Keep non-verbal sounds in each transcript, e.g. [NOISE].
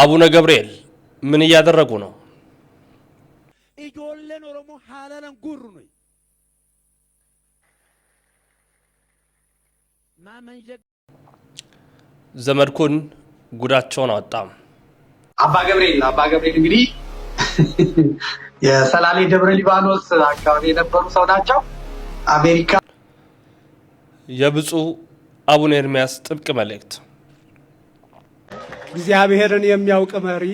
አቡነ ገብርኤል ምን እያደረጉ ነው? ኢጆሌን ኦሮሞ ሀለለን ጉሩ ነው ዘመድኩን ጉዳቸውን አወጣም። አባ ገብርኤል አባ ገብርኤል እንግዲህ [LAUGHS] የሰላሌ ደብረ ሊባኖስ አካባቢ የነበሩ ሰው ናቸው። አሜሪካ የብፁዕ አቡነ ኤርሚያስ ጥብቅ መልእክት እግዚአብሔርን የሚያውቅ መሪ፣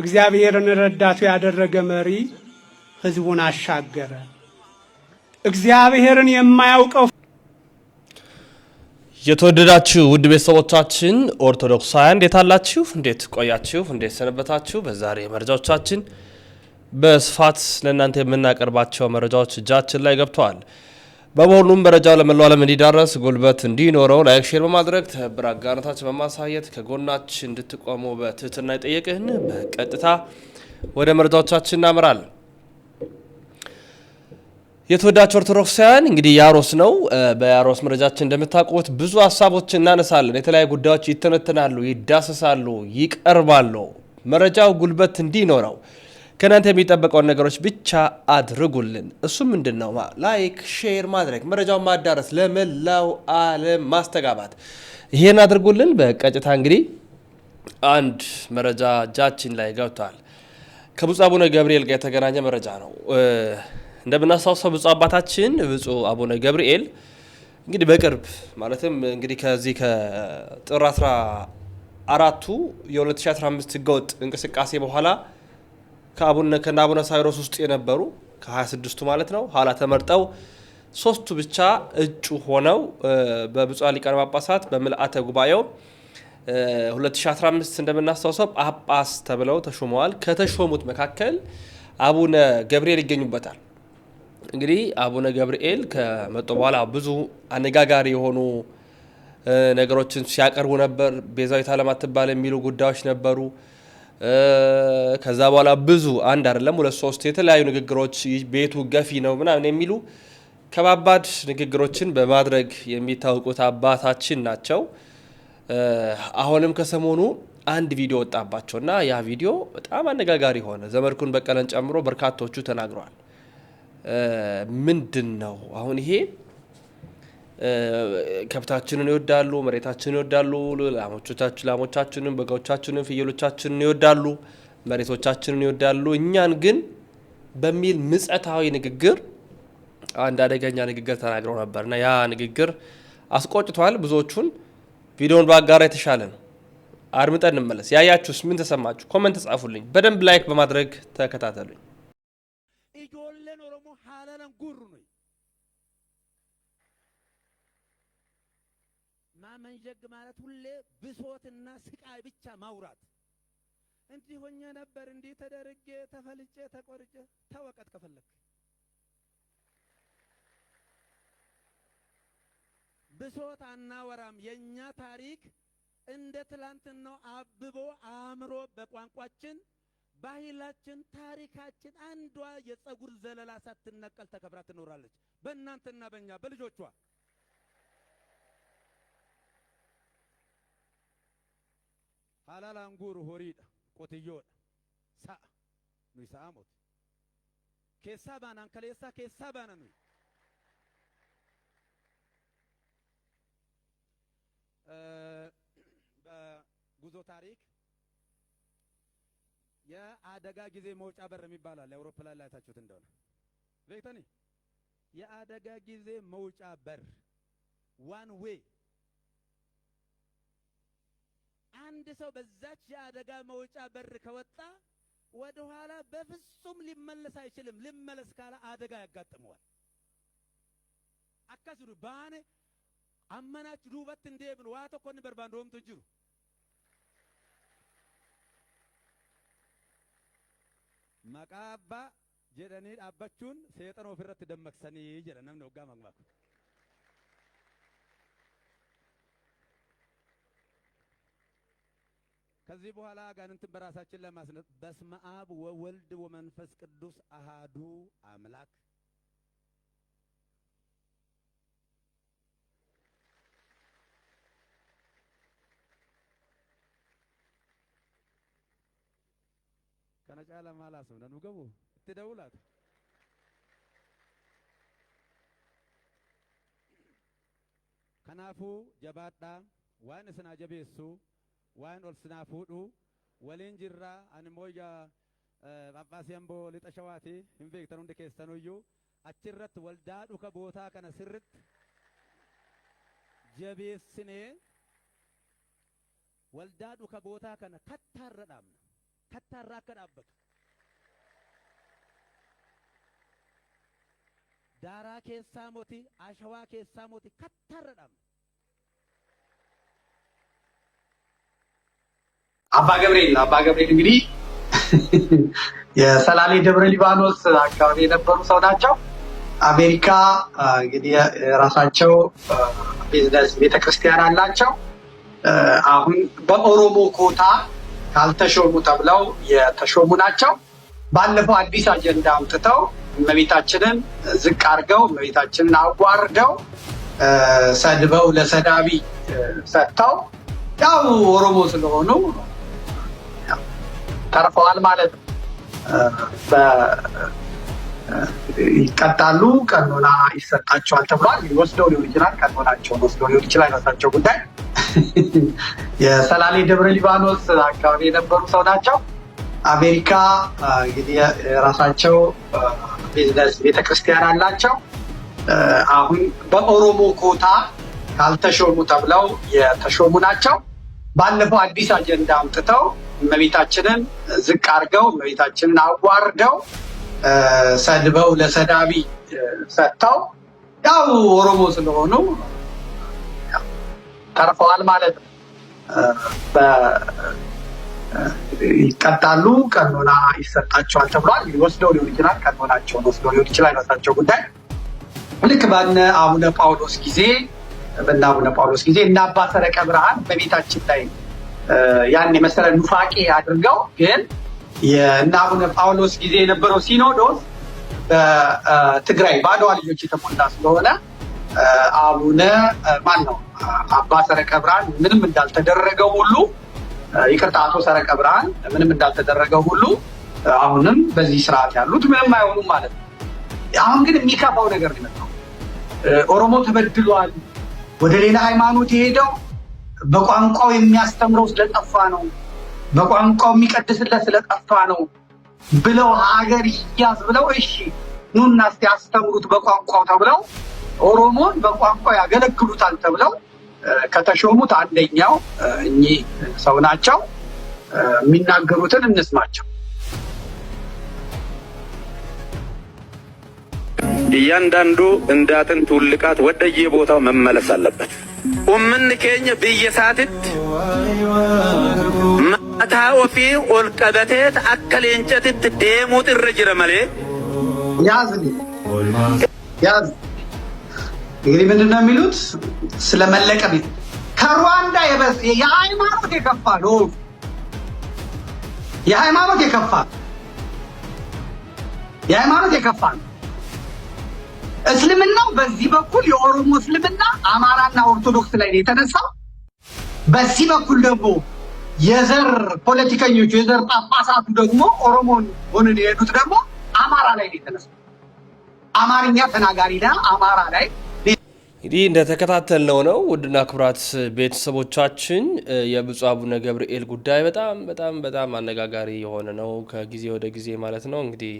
እግዚአብሔርን ረዳቱ ያደረገ መሪ ህዝቡን አሻገረ። እግዚአብሔርን የማያውቀው የተወደዳችሁ ውድ ቤተሰቦቻችን ኦርቶዶክሳውያን እንዴት አላችሁ? እንዴት ቆያችሁ? እንዴት ሰነበታችሁ? በዛሬ መረጃዎቻችን በስፋት ለእናንተ የምናቀርባቸው መረጃዎች እጃችን ላይ ገብተዋል። በመሆኑም መረጃው ለመላው ዓለም እንዲዳረስ ጉልበት እንዲኖረው ላይክ ሼር በማድረግ ትብብር አጋርነታችን በማሳየት ከጎናችን እንድትቆሙ በትህትና የጠየቅህን በቀጥታ ወደ መረጃዎቻችን እናምራል። የተወዳቸው ኦርቶዶክሳውያን እንግዲህ ያሮስ ነው። በያሮስ መረጃችን እንደምታውቁት ብዙ ሀሳቦች እናነሳለን። የተለያዩ ጉዳዮች ይተነተናሉ፣ ይዳሰሳሉ፣ ይቀርባሉ። መረጃው ጉልበት እንዲኖረው ከእናንተ የሚጠበቀውን ነገሮች ብቻ አድርጉልን። እሱ ምንድን ነው? ላይክ፣ ሼር ማድረግ መረጃውን ማዳረስ፣ ለመላው ዓለም ማስተጋባት። ይሄን አድርጉልን። በቀጥታ እንግዲህ አንድ መረጃ እጃችን ላይ ገብቷል። ከብፁዕ አቡነ ገብርኤል ጋር የተገናኘ መረጃ ነው። እንደምናስታውሰው ብፁዕ አባታችን ብፁዕ አቡነ ገብርኤል እንግዲህ በቅርብ ማለትም እንግዲህ ከዚህ ከጥር 14 የ2015 ህገወጥ እንቅስቃሴ በኋላ ከአቡነ አቡነ ሳይሮስ ውስጥ የነበሩ ከ26ቱ ማለት ነው ኋላ ተመርጠው ሶስቱ ብቻ እጩ ሆነው በብፁዓን ሊቃነ ጳጳሳት በምልአተ ጉባኤው 2015 እንደምናስታውሰው ጳጳስ ተብለው ተሾመዋል። ከተሾሙት መካከል አቡነ ገብርኤል ይገኙበታል። እንግዲህ አቡነ ገብርኤል ከመጡ በኋላ ብዙ አነጋጋሪ የሆኑ ነገሮችን ሲያቀርቡ ነበር። ቤዛዊት ዓለም አትባል የሚሉ ጉዳዮች ነበሩ። ከዛ በኋላ ብዙ አንድ አይደለም ሁለት ሶስት የተለያዩ ንግግሮች ቤቱ ገፊ ነው ምናምን የሚሉ ከባባድ ንግግሮችን በማድረግ የሚታወቁት አባታችን ናቸው። አሁንም ከሰሞኑ አንድ ቪዲዮ ወጣባቸው እና ያ ቪዲዮ በጣም አነጋጋሪ ሆነ። ዘመድኩን በቀለን ጨምሮ በርካቶቹ ተናግረዋል። ምንድን ነው አሁን ይሄ ከብታችንን ይወዳሉ፣ መሬታችንን ይወዳሉ፣ ላሞቻችንን፣ በጋዎቻችንን፣ ፍየሎቻችንን ይወዳሉ፣ መሬቶቻችንን ይወዳሉ። እኛን ግን በሚል ምጸታዊ ንግግር አንድ አደገኛ ንግግር ተናግረው ነበር እና ያ ንግግር አስቆጭቷል ብዙዎቹን። ቪዲዮን በአጋራ የተሻለ ነው። አድምጠን እንመለስ። ያያችሁስ ምን ተሰማችሁ? ኮመንት ጻፉልኝ። በደንብ ላይክ በማድረግ ተከታተሉኝ። ኢጆለን ኦሮሞ ሀለለን ጉሩ ነው ማመንዠግ ማለት ሁሌ ብሶትና ስቃይ ብቻ ማውራት። እንዲህ ሆኜ ነበር፣ እንዲህ ተደርጌ፣ ተፈልጬ፣ ተቆርጬ። ተወቀጥ ከፈለክ ብሶት አናወራም። የእኛ ታሪክ እንደ ትላንትናው አብቦ አእምሮ በቋንቋችን ባህላችን፣ ታሪካችን አንዷ የጸጉር ዘለላ ሳትነቀል ተከብራ ትኖራለች። በእናንተና በእኛ በልጆቿ Halaal anguuru horiidha, qotiyyoodha, sa'a. Nuyi sa'a moti. Keessaa baanaan kaleessaa keessaa baana nuyi. በጉዞ ታሪክ የአደጋ ጊዜ መውጫ በር የሚባል አለ። አውሮፕላን ላይ አይታችሁት እንደሆነ ዘይተኒ የአደጋ ጊዜ መውጫ በር ዋን ዌይ አንድ ሰው በዛች የአደጋ መውጫ በር ከወጣ ወደ ኋላ በፍጹም ሊመለስ አይችልም። ሊመለስ ካለ አደጋ ያጋጥመዋል። አካስዱ ባኔ አመናች ዱበት እንዴብን ዋቶ ኮን በርባን ዶምቱ ጅሩ መቃባ ጀደኒ አባቹን ሰይጣን ወፍረት ደመክሰኒ ጀደነም ነው ጋማግማኩ ከዚህ በኋላ አጋንንትን በራሳችን ለማስነጥ በስመ አብ ወወልድ ወመንፈስ ቅዱስ አሃዱ አምላክ ከነጫ ለማላስ ምነን ምገቡ እትደውላት ከናፉ ጀባጣ ዋን ጀቤሱ waan ol sinaa fuudhu waliin jirra ani mooyya Phaaphaasii Amboo lixa shawaati hin beektan hundi keessanuyyuu achirratti waldaa dhuka bootaa kana sirritti jabeessinee waldaa dhuka bootaa kana kattaarra dhaabna. Kattaarra akka dhaabbatu. Daaraa keessaa moti, ashawaa keessaa moti kattaarra dhaabna. አባ ገብርኤል አባ ገብርኤል እንግዲህ የሰላሌ ደብረ ሊባኖስ አካባቢ የነበሩ ሰው ናቸው። አሜሪካ እንግዲህ የራሳቸው ቢዝነስ ቤተክርስቲያን አላቸው። አሁን በኦሮሞ ኮታ ካልተሾሙ ተብለው የተሾሙ ናቸው። ባለፈው አዲስ አጀንዳ አምጥተው እመቤታችንን ዝቅ አድርገው እመቤታችንን አዋርደው ሰድበው ለሰዳቢ ሰጥተው ያው ኦሮሞ ስለሆኑ ተርፈዋል ማለት ይቀጣሉ፣ ቀኖና ይሰጣቸዋል ተብሏል። ወስደው ሊሆን ይችላል፣ ቀኖናቸውን ወስደው ሊሆን ይችላል። የራሳቸው ጉዳይ። [LAUGHS] የሰላሌ ደብረ ሊባኖስ አካባቢ የነበሩ ሰው ናቸው። አሜሪካ እንግዲህ የራሳቸው ቢዝነስ ቤተክርስቲያን አላቸው። አሁን በኦሮሞ ኮታ ካልተሾሙ ተብለው የተሾሙ ናቸው። ባለፈው አዲስ አጀንዳ አምጥተው እመቤታችንን ዝቅ አድርገው እመቤታችንን አዋርደው ሰድበው ለሰዳቢ ሰጥተው ያው ኦሮሞ ስለሆኑ ተርፈዋል ማለት ነው። ይቀጣሉ፣ ቀኖና ይሰጣቸዋል ተብሏል። ወስደው ሊሆን ይችላል፣ ቀኖናቸውን ወስደው ሊሆን ይችላል። ይመስላቸው ጉዳይ ልክ በነ አቡነ ጳውሎስ ጊዜ በእነ አቡነ ጳውሎስ ጊዜ እና አባ ሰረቀ ብርሃን በቤታችን ላይ ያን የመሰለ ኑፋቄ አድርገው ግን የእነ አቡነ ጳውሎስ ጊዜ የነበረው ሲኖዶስ በትግራይ በአድዋ ልጆች የተሞላ ስለሆነ አቡነ ማን ነው አባ ሰረቀ ብርሃን ምንም እንዳልተደረገው ሁሉ ይቅርታ፣ አቶ ሰረቀ ብርሃን ምንም እንዳልተደረገው ሁሉ አሁንም በዚህ ስርዓት ያሉት ምንም አይሆኑም ማለት ነው። አሁን ግን የሚከፋው ነገር ነው። ኦሮሞ ተበድሏል ወደ ሌላ ሃይማኖት የሄደው በቋንቋው የሚያስተምረው ስለጠፋ ነው፣ በቋንቋው የሚቀድስለት ስለጠፋ ነው ብለው ሀገር ይያዝ ብለው እሺ ኑና እስቲ አስተምሩት በቋንቋው ተብለው ኦሮሞን በቋንቋው ያገለግሉታል ተብለው ከተሾሙት አንደኛው እኚህ ሰው ናቸው። የሚናገሩትን እንስማቸው። እያንዳንዱ እንደ አጥንት ውልቃት ወደየ ቦታው መመለስ አለበት። ኡምን ኬኝ ብየሳትድ ማታ ኦፊ ኦልቀበቴት አከሌንጨትት ዴሙ ጥር ጅረ መሌ ያዝኒ ያዝ እንግዲህ ምንድን ነው የሚሉት ስለ መለቀም ከሩዋንዳ የሃይማኖት የከፋ ነው። የሃይማኖት የከፋ የሃይማኖት የከፋ ነው። እስልምናው በዚህ በኩል የኦሮሞ እስልምና አማራና ኦርቶዶክስ ላይ ነው የተነሳው። በዚህ በኩል ደግሞ የዘር ፖለቲከኞቹ የዘር ጳጳሳቱ ደግሞ ኦሮሞን ሆንን የሄዱት ደግሞ አማራ ላይ ነው የተነሳው። አማርኛ ተናጋሪና አማራ ላይ እንግዲህ እንደተከታተልነው ነው። ውድና ክቡራት ቤተሰቦቻችን የብፁዕ አቡነ ገብርኤል ጉዳይ በጣም በጣም በጣም አነጋጋሪ የሆነ ነው ከጊዜ ወደ ጊዜ ማለት ነው። እንግዲህ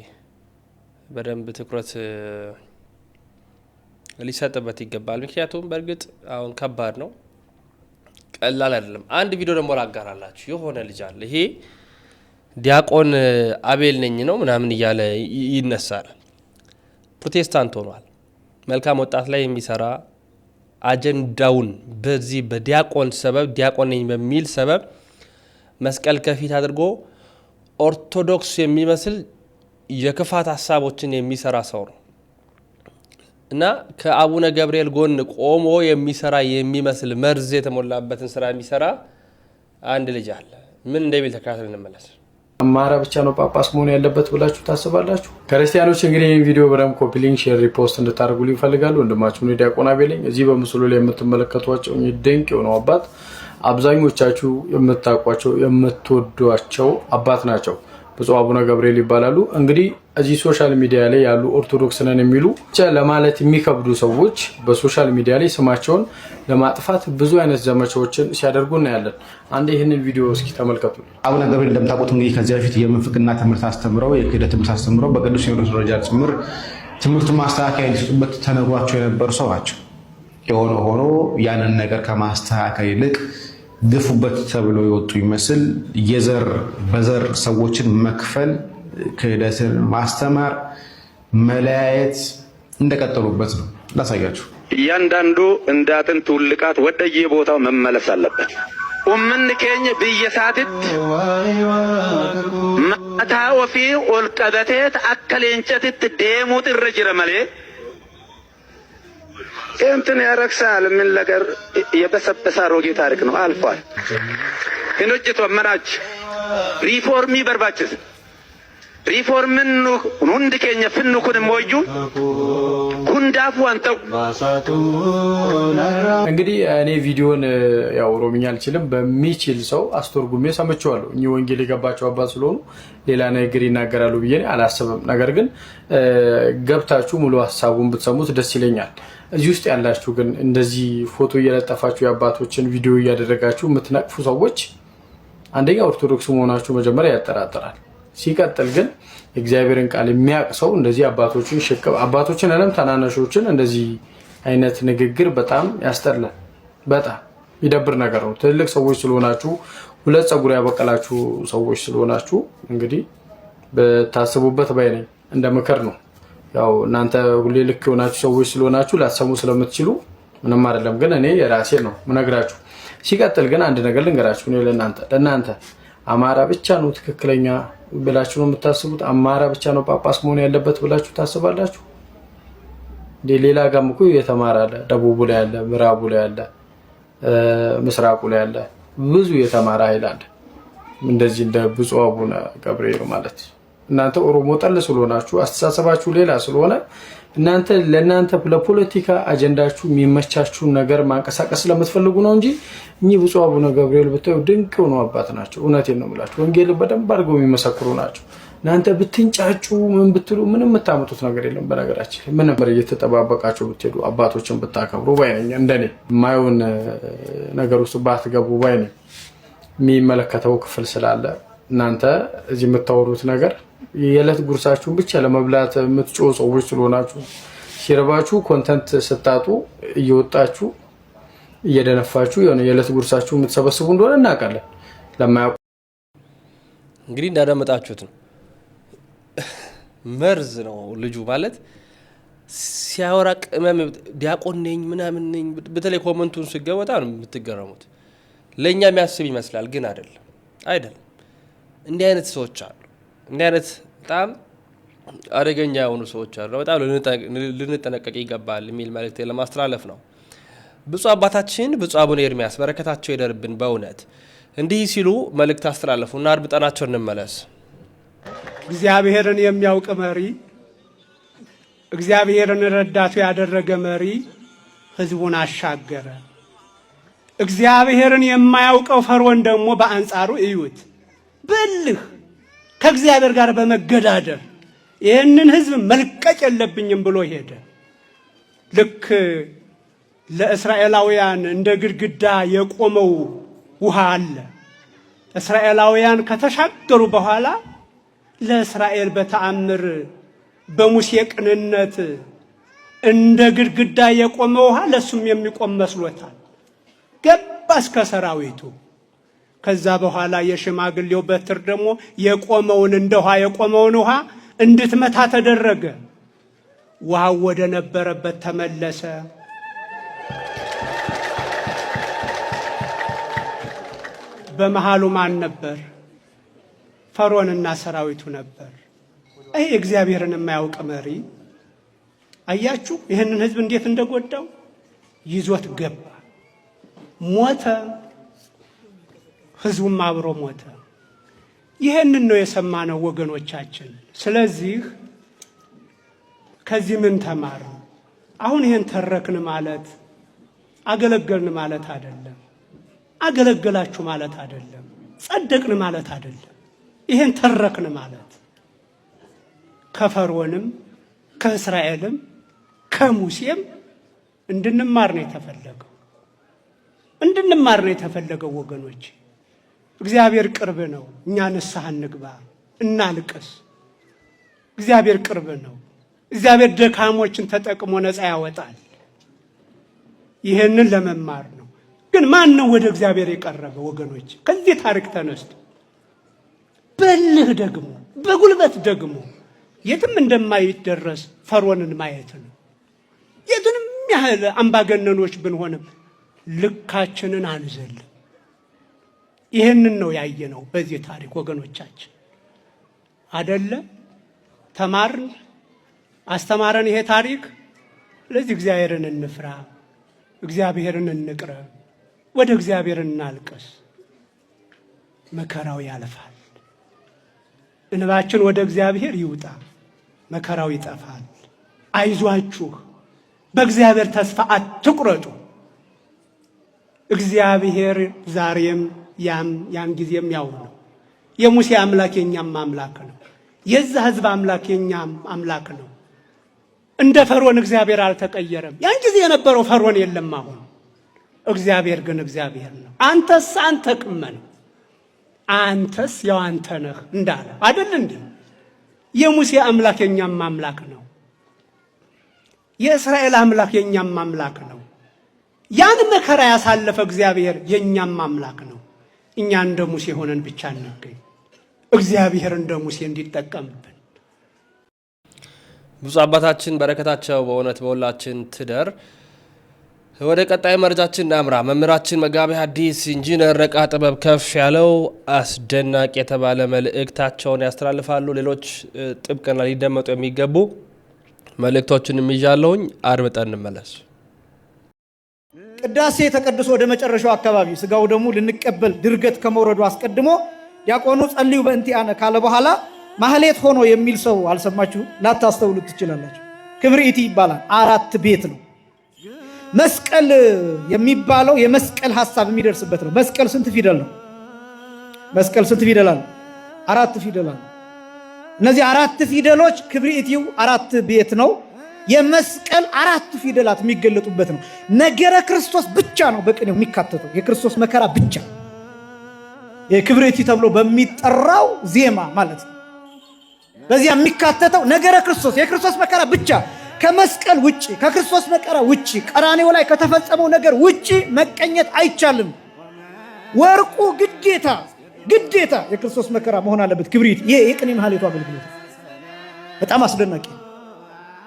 በደንብ ትኩረት ሊሰጥበት ይገባል። ምክንያቱም በእርግጥ አሁን ከባድ ነው፣ ቀላል አይደለም። አንድ ቪዲዮ ደግሞ ላጋራላችሁ። የሆነ ልጅ አለ ይሄ ዲያቆን አቤል ነኝ ነው ምናምን እያለ ይነሳል። ፕሮቴስታንት ሆኗል። መልካም ወጣት ላይ የሚሰራ አጀንዳውን በዚህ በዲያቆን ሰበብ ዲያቆን ነኝ በሚል ሰበብ መስቀል ከፊት አድርጎ ኦርቶዶክስ የሚመስል የክፋት ሀሳቦችን የሚሰራ ሰው ነው። እና ከአቡነ ገብርኤል ጎን ቆሞ የሚሰራ የሚመስል መርዝ የተሞላበትን ስራ የሚሰራ አንድ ልጅ አለ። ምን እንደሚል ተከታተል እንመለስ። አማራ ብቻ ነው ጳጳስ መሆን ያለበት ብላችሁ ታስባላችሁ? ክርስቲያኖች እንግዲህ ይህን ቪዲዮ በደንብ ኮፒ ሊንክ፣ ሼር፣ ሪፖስት እንድታደርጉልኝ ይፈልጋሉ። ወንድማችሁ ዲያቆን አቤለኝ እዚህ በምስሉ ላይ የምትመለከቷቸው ድንቅ የሆነው አባት አብዛኞቻችሁ የምታውቋቸው የምትወዷቸው አባት ናቸው። ብፁዕ አቡነ ገብርኤል ይባላሉ። እንግዲህ እዚህ ሶሻል ሚዲያ ላይ ያሉ ኦርቶዶክስ ነን የሚሉ ለማለት የሚከብዱ ሰዎች በሶሻል ሚዲያ ላይ ስማቸውን ለማጥፋት ብዙ አይነት ዘመቻዎችን ሲያደርጉ እናያለን። አንድ ይህንን ቪዲዮ እስኪ ተመልከቱ። አቡነ ገብርኤል እንደምታውቁት እንግዲህ ከዚህ በፊት የምንፍቅና ትምህርት አስተምረው የክህደት ትምህርት አስተምረው በቅዱስ ሲኖዶስ ደረጃ ጭምር ትምህርት ማስተካከያ እንዲሰጡበት ተነግሯቸው የነበሩ ሰው ናቸው። የሆነ ሆኖ ያንን ነገር ከማስተካከል ይልቅ ግፉበት ተብሎ የወጡ ይመስል የዘር በዘር ሰዎችን መክፈል፣ ክህደትን ማስተማር፣ መለያየት እንደቀጠሉበት ነው። ላሳያችሁ። እያንዳንዱ እንደ አጥንት ውልቃት ወደየ ቦታው መመለስ አለበት። ኡምን ኬኝ ብየሳትት ማታ ወፊ ኦልቀበቴት አከሌንጨትት ደሙ ጥረ ጅረ መሌ እንትን ያረክሳል ምን ነገር የበሰበሰ አሮጌ ታሪክ ነው፣ አልፏል። ህንጭቶ መናች ሪፎርም ይበርባችስ ሪፎርምን ሁንድ ኬኘ ፍኑ ኩን ሞዩ ኩንዳፉ አንተው እንግዲህ እኔ ቪዲዮን ያው ኦሮምኛ አልችልም በሚችል ሰው አስተርጉሜ ሰምቼዋለሁ። እኚህ ወንጌል የገባቸው አባት ስለሆኑ ሌላ ነገር ይናገራሉ ብዬ አላስብም። ነገር ግን ገብታችሁ ሙሉ ሀሳቡን ብትሰሙት ደስ ይለኛል። እዚህ ውስጥ ያላችሁ ግን እንደዚህ ፎቶ እየለጠፋችሁ የአባቶችን ቪዲዮ እያደረጋችሁ የምትነቅፉ ሰዎች አንደኛ ኦርቶዶክስ መሆናችሁ መጀመሪያ ያጠራጥራል። ሲቀጥል ግን የእግዚአብሔርን ቃል የሚያውቅ ሰው እንደዚህ አባቶችን ሽቅብ አባቶችን አለም ተናናሾችን እንደዚህ አይነት ንግግር በጣም ያስጠላል። በጣም ይደብር ነገር ነው። ትልልቅ ሰዎች ስለሆናችሁ ሁለት ፀጉር ያበቀላችሁ ሰዎች ስለሆናችሁ እንግዲህ በታስቡበት ባይ ነኝ። እንደ ምክር ነው። ያው እናንተ ሁሌ ልክ የሆናችሁ ሰዎች ስለሆናችሁ ላሰሙ ስለምትችሉ ምንም አይደለም፣ ግን እኔ የራሴ ነው ምነግራችሁ። ሲቀጥል ግን አንድ ነገር ልንገራችሁ ለእናንተ ለእናንተ አማራ ብቻ ነው ትክክለኛ ብላችሁ ነው የምታስቡት? አማራ ብቻ ነው ጳጳስ መሆን ያለበት ብላችሁ ታስባላችሁ? ሌላ ጋም እኮ የተማረ አለ፣ ደቡቡ ላይ አለ፣ ምዕራቡ ላይ አለ፣ ምስራቁ ላይ አለ፣ ብዙ የተማረ ኃይል አለ። እንደዚህ እንደ ብፁዕ አቡነ ገብርኤል ማለት እናንተ ኦሮሞ ጠል ስለሆናችሁ አስተሳሰባችሁ ሌላ ስለሆነ እናንተ ለእናንተ ለፖለቲካ አጀንዳችሁ የሚመቻችሁን ነገር ማንቀሳቀስ ስለምትፈልጉ ነው እንጂ እኚህ ብፁዕ አቡነ ገብርኤል ብታዩ ድንቅ የሆኑ አባት ናቸው። እውነቴን ነው የምላቸው። በደንብ አድርገው የሚመሰክሩ ናቸው። እናንተ ብትንጫጩ ምን ብትሉ ምንም የምታመጡት ነገር የለም። በነገራችን ላይ ምንም እየተጠባበቃቸው ብትሄዱ አባቶችን ብታከብሩ ባይ እንደኔ የማየውን ነገር ውስጥ ባትገቡ ባይ የሚመለከተው ክፍል ስላለ እናንተ እዚህ የምታወሩት ነገር የዕለት ጉርሳችሁን ብቻ ለመብላት የምትጮ ሰዎች ስለሆናችሁ ሲርባችሁ ኮንተንት ስታጡ እየወጣችሁ እየደነፋችሁ የሆነ የዕለት ጉርሳችሁ የምትሰበስቡ እንደሆነ እናውቃለን። ለማያውቁ እንግዲህ እንዳዳመጣችሁት ነው። መርዝ ነው ልጁ ማለት ሲያወራ ቅመም ዲያቆን ነኝ ምናምን ነኝ። በተለይ ኮመንቱን ስገ በጣም ነው የምትገረሙት። ለእኛ የሚያስብ ይመስላል ግን አይደለም አይደለም። እንዲህ አይነት ሰዎች አሉ። እንዲህ አይነት በጣም አደገኛ የሆኑ ሰዎች አሉ። በጣም ልንጠነቀቅ ይገባል የሚል መልእክት ለማስተላለፍ ነው። ብፁዕ አባታችን ብፁዕ አቡነ ኤርሚያስ በረከታቸው ይደርብን። በእውነት እንዲህ ሲሉ መልእክት አስተላለፉ እና አድምጠናቸው እንመለስ። እግዚአብሔርን የሚያውቅ መሪ፣ እግዚአብሔርን ረዳቱ ያደረገ መሪ ህዝቡን አሻገረ። እግዚአብሔርን የማያውቀው ፈርዖን ደግሞ በአንጻሩ እዩት። በልህ ከእግዚአብሔር ጋር በመገዳደር ይህንን ህዝብ መልቀቅ የለብኝም ብሎ ሄደ። ልክ ለእስራኤላውያን እንደ ግድግዳ የቆመው ውሃ አለ። እስራኤላውያን ከተሻገሩ በኋላ ለእስራኤል በተአምር በሙሴ ቅንነት እንደ ግድግዳ የቆመ ውሃ ለእሱም የሚቆም መስሎታል። ገባ እስከ ሰራዊቱ። ከዛ በኋላ የሽማግሌው በትር ደግሞ የቆመውን እንደ ውሃ የቆመውን ውሃ እንድትመታ ተደረገ። ውሃው ወደ ነበረበት ተመለሰ። በመሃሉ ማን ነበር? ፈርዖንና ሰራዊቱ ነበር። ይህ እግዚአብሔርን የማያውቅ መሪ። አያችሁ ይህንን ህዝብ እንዴት እንደጎዳው። ይዞት ገባ፣ ሞተ። ህዝቡም አብሮ ሞተ። ይህንን ነው የሰማነው ወገኖቻችን። ስለዚህ ከዚህ ምን ተማር? አሁን ይህን ተረክን ማለት አገለገልን ማለት አይደለም። አገለገላችሁ ማለት አይደለም። ጸደቅን ማለት አይደለም። ይህን ተረክን ማለት ከፈርዖንም ከእስራኤልም ከሙሴም እንድንማር ነው የተፈለገው። እንድንማር ነው የተፈለገው ወገኖች እግዚአብሔር ቅርብ ነው። እኛ ንስሐ እንግባ፣ እናልቅስ። እግዚአብሔር ቅርብ ነው። እግዚአብሔር ደካሞችን ተጠቅሞ ነፃ ያወጣል። ይህንን ለመማር ነው። ግን ማን ነው ወደ እግዚአብሔር የቀረበ? ወገኖች ከዚህ ታሪክ ተነስቶ በልህ ደግሞ በጉልበት ደግሞ የትም እንደማይደረስ ፈርዖንን ማየት ነው። የቱንም ያህል አምባገነኖች ብንሆንም ልካችንን አንዘልም። ይህንን ነው ያየነው በዚህ ታሪክ ወገኖቻችን አደለ ተማርን አስተማረን ይሄ ታሪክ ለዚህ እግዚአብሔርን እንፍራ እግዚአብሔርን እንቅረብ ወደ እግዚአብሔር እናልቀስ መከራው ያልፋል እንባችን ወደ እግዚአብሔር ይውጣ መከራው ይጠፋል አይዟችሁ በእግዚአብሔር ተስፋ አትቁረጡ እግዚአብሔር ዛሬም ያን ጊዜም ያው ነው። የሙሴ አምላክ የኛም አምላክ ነው። የዛ ህዝብ አምላክ የኛም አምላክ ነው። እንደ ፈርዖን እግዚአብሔር አልተቀየረም። ያን ጊዜ የነበረው ፈርዖን የለም አሁን። እግዚአብሔር ግን እግዚአብሔር ነው። አንተስ አንተ ቅመን አንተስ ያው አንተ ነህ እንዳለ አይደል እንዴ? የሙሴ አምላክ የኛም አምላክ ነው። የእስራኤል አምላክ የኛም አምላክ ነው። ያን መከራ ያሳለፈ እግዚአብሔር የኛም አምላክ ነው። እኛ እንደ ሙሴ ሆነን ብቻ እንገኝ። እግዚአብሔር እንደ ሙሴ እንዲጠቀምብን ብፁዕ አባታችን በረከታቸው በእውነት በሁላችን ትደር። ወደ ቀጣይ መረጃችን እናምራ። መምህራችን መጋቢ ሐዲስ ኢንጂነር ረቃ ጥበብ ከፍ ያለው አስደናቂ የተባለ መልእክታቸውን ያስተላልፋሉ። ሌሎች ጥብቅና ሊደመጡ የሚገቡ መልእክቶችን የሚዣለውኝ አርብጠን እንመለስ። ቅዳሴ ተቀድሶ ወደ መጨረሻው አካባቢ ስጋው ደግሞ ልንቀበል ድርገት ከመውረዱ አስቀድሞ ዲያቆኑ ጸልዩ በእንቲአነ ካለ በኋላ ማህሌት ሆኖ የሚል ሰው አልሰማችሁ? ላታስተውሉ ትችላላችሁ። ክብርኢቲ ይባላል። አራት ቤት ነው። መስቀል የሚባለው የመስቀል ሀሳብ የሚደርስበት ነው። መስቀል ስንት ፊደል ነው? መስቀል ስንት ፊደል አለ? አራት ፊደል አለ። እነዚህ አራት ፊደሎች ክብርኢቲው አራት ቤት ነው። የመስቀል አራቱ ፊደላት የሚገለጡበት ነው። ነገረ ክርስቶስ ብቻ ነው በቅኔው የሚካተተው የክርስቶስ መከራ ብቻ የክብሬቲ ተብሎ በሚጠራው ዜማ ማለት ነው። በዚያ የሚካተተው ነገረ ክርስቶስ የክርስቶስ መከራ ብቻ ከመስቀል ውጭ ከክርስቶስ መከራ ውጭ ቀራኔው ላይ ከተፈጸመው ነገር ውጭ መቀኘት አይቻልም። ወርቁ ግዴታ ግዴታ የክርስቶስ መከራ መሆን አለበት። ክብሪት ይሄ የቅኔ ማህሌቱ አገልግሎት በጣም አስደናቂ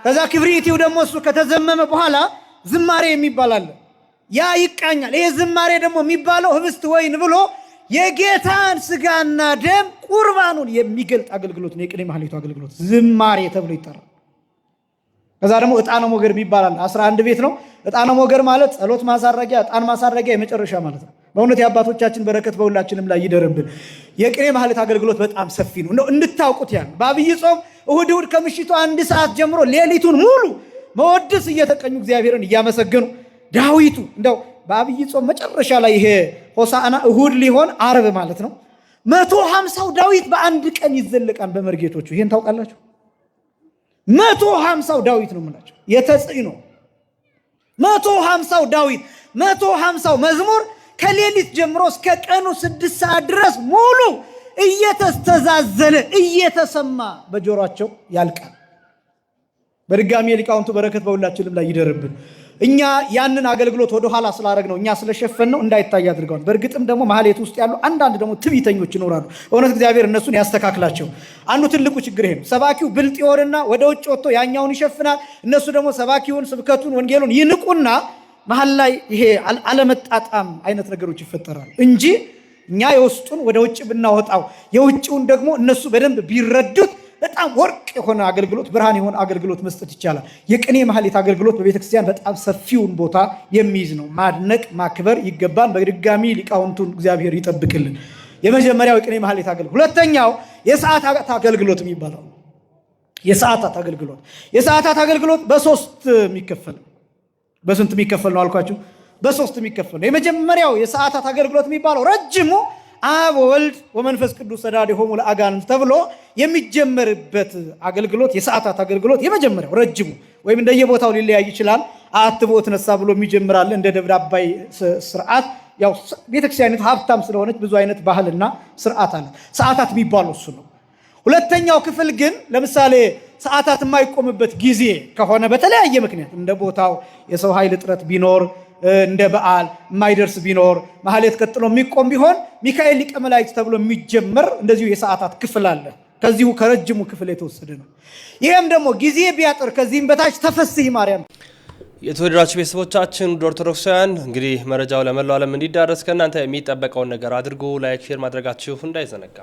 ከዛ ክብሪቲው ደግሞ እሱ ከተዘመመ በኋላ ዝማሬ የሚባል አለ። ያ ይቃኛል። ይሄ ዝማሬ ደግሞ የሚባለው ህብስት ወይን ብሎ የጌታን ስጋና ደም ቁርባኑን የሚገልጥ አገልግሎት ነው። የቅኔ ማህሌቱ አገልግሎት ዝማሬ ተብሎ ይጠራል። ከዛ ደግሞ እጣነ ሞገር የሚባል አለ። አስራ አንድ ቤት ነው። እጣነ ሞገር ማለት ጸሎት ማሳረጊያ፣ እጣን ማሳረጊያ የመጨረሻ ማለት ነው። በእውነት የአባቶቻችን በረከት በሁላችንም ላይ ይደርብን። የቅኔ ማህሌት አገልግሎት በጣም ሰፊ ነው። እንደው እንድታውቁት ያን በአብይ ጾም እሁድ እሁድ ከምሽቱ አንድ ሰዓት ጀምሮ ሌሊቱን ሙሉ መወደስ እየተቀኙ እግዚአብሔርን እያመሰገኑ ዳዊቱ እንደው በአብይ ጾም መጨረሻ ላይ ይሄ ሆሳዕና እሁድ ሊሆን አርብ ማለት ነው። መቶ ሀምሳው ዳዊት በአንድ ቀን ይዘለቃል በመርጌቶቹ። ይሄን ታውቃላችሁ? መቶ ሀምሳው ዳዊት ነው የምላቸው የተጽኖ መቶ ሀምሳው ዳዊት መቶ ሀምሳው መዝሙር ከሌሊት ጀምሮ እስከ ቀኑ ስድስት ሰዓት ድረስ ሙሉ እየተስተዛዘለ እየተሰማ በጆሯቸው ያልቃል። በድጋሚ የሊቃውንቱ በረከት በሁላችንም ላይ ይደርብን። እኛ ያንን አገልግሎት ወደኋላ ስላደረግ ነው እኛ ስለሸፈን ነው እንዳይታይ አድርገዋል። በእርግጥም ደግሞ ማህሌት ውስጥ ያሉ አንዳንድ ደግሞ ትቢተኞች ይኖራሉ። እውነት እግዚአብሔር እነሱን ያስተካክላቸው። አንዱ ትልቁ ችግር ይሄ ነው። ሰባኪው ብልጥ ይሆንና ወደ ውጭ ወጥቶ ያኛውን ይሸፍናል። እነሱ ደግሞ ሰባኪውን፣ ስብከቱን፣ ወንጌሉን ይንቁና መሀል ላይ ይሄ አለመጣጣም አይነት ነገሮች ይፈጠራሉ እንጂ እኛ የውስጡን ወደ ውጭ ብናወጣው የውጭውን ደግሞ እነሱ በደንብ ቢረዱት በጣም ወርቅ የሆነ አገልግሎት ብርሃን የሆነ አገልግሎት መስጠት ይቻላል። የቅኔ ማህሌት አገልግሎት በቤተክርስቲያን በጣም ሰፊውን ቦታ የሚይዝ ነው። ማድነቅ ማክበር ይገባል። በድጋሚ ሊቃውንቱን እግዚአብሔር ይጠብቅልን። የመጀመሪያው የቅኔ ማህሌት አገልግሎት፣ ሁለተኛው የሰዓታት አገልግሎት የሚባለው የሰዓታት አገልግሎት የሰዓታት አገልግሎት በሶስት የሚከፈል በስንት የሚከፈል ነው አልኳችሁ? በሶስት የሚከፈል ነው። የመጀመሪያው የሰዓታት አገልግሎት የሚባለው ረጅሙ አብ ወልድ ወመንፈስ ቅዱስ ተዳድሆሙ ለአጋንንት ተብሎ የሚጀመርበት አገልግሎት የሰዓታት አገልግሎት የመጀመሪያው ረጅሙ ወይም እንደየቦታው ሊለያይ ይችላል። አትቦ ተነሳ ብሎ የሚጀምራል። እንደ ደብረ አባይ ስርዓት ያው ቤተክርስቲያኒቱ ሀብታም ስለሆነች ብዙ አይነት ባህልና ስርዓት አለ። ሰዓታት የሚባሉ እሱ ነው። ሁለተኛው ክፍል ግን ለምሳሌ ሰዓታት የማይቆምበት ጊዜ ከሆነ በተለያየ ምክንያት እንደ ቦታው የሰው ኃይል እጥረት ቢኖር እንደ በዓል የማይደርስ ቢኖር ማህሌት ቀጥሎ የሚቆም ቢሆን ሚካኤል ሊቀ መላእክት ተብሎ የሚጀመር እንደዚሁ የሰዓታት ክፍል አለ። ከዚሁ ከረጅሙ ክፍል የተወሰደ ነው። ይህም ደግሞ ጊዜ ቢያጥር ከዚህም በታች ተፈስሂ ማርያም። የተወደዳችሁ ቤተሰቦቻችን ውድ ኦርቶዶክሳውያን፣ እንግዲህ መረጃው ለመላው ዓለም እንዲዳረስ ከእናንተ የሚጠበቀውን ነገር አድርጉ። ላይክ፣ ሼር ማድረጋችሁ እንዳይዘነጋ